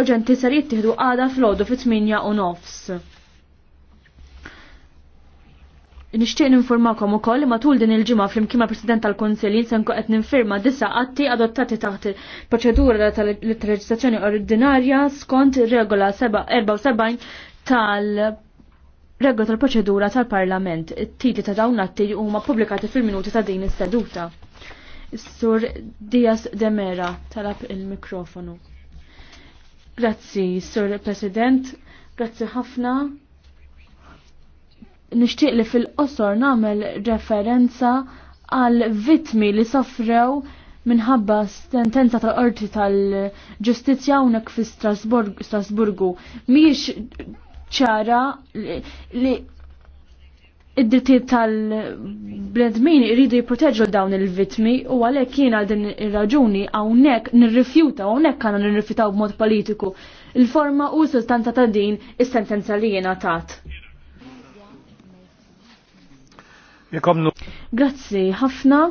urġenti ser jittieħdu għada flodu fit-8 u nofs. Nixtieq ninformakom ukoll li matul din il-ġimgħa flimkien President tal-Kunsill se nkun qed ninfirma disa atti adottati taħt proċedura tal reġistrazzjoni ordinarja skont regola 74 tal-regola tal-proċedura tal-Parlament. It-titli ta' dawn atti huma pubblikati fil-minuti ta' din is-seduta. Sur Dias Demera talab il-mikrofonu. Grazzi, Sir President, grazzi ħafna. Nixtieq li fil-qosor nagħmel referenza għal vitmi li sofrew minħabba sentenza ta' qorti tal-ġustizja unek fi Strasburgu. Miex ċara li id-dritti tal bnedmin iridu jiproteġu dawn il-vitmi u għalhekk jien għal din ir-raġuni hawnhekk nirrifjuta hawnhekk għandna nirrifjutaw b'mod politiku il-forma u sustanza ta' din is-sentenza li jiena tat. Grazzi ħafna.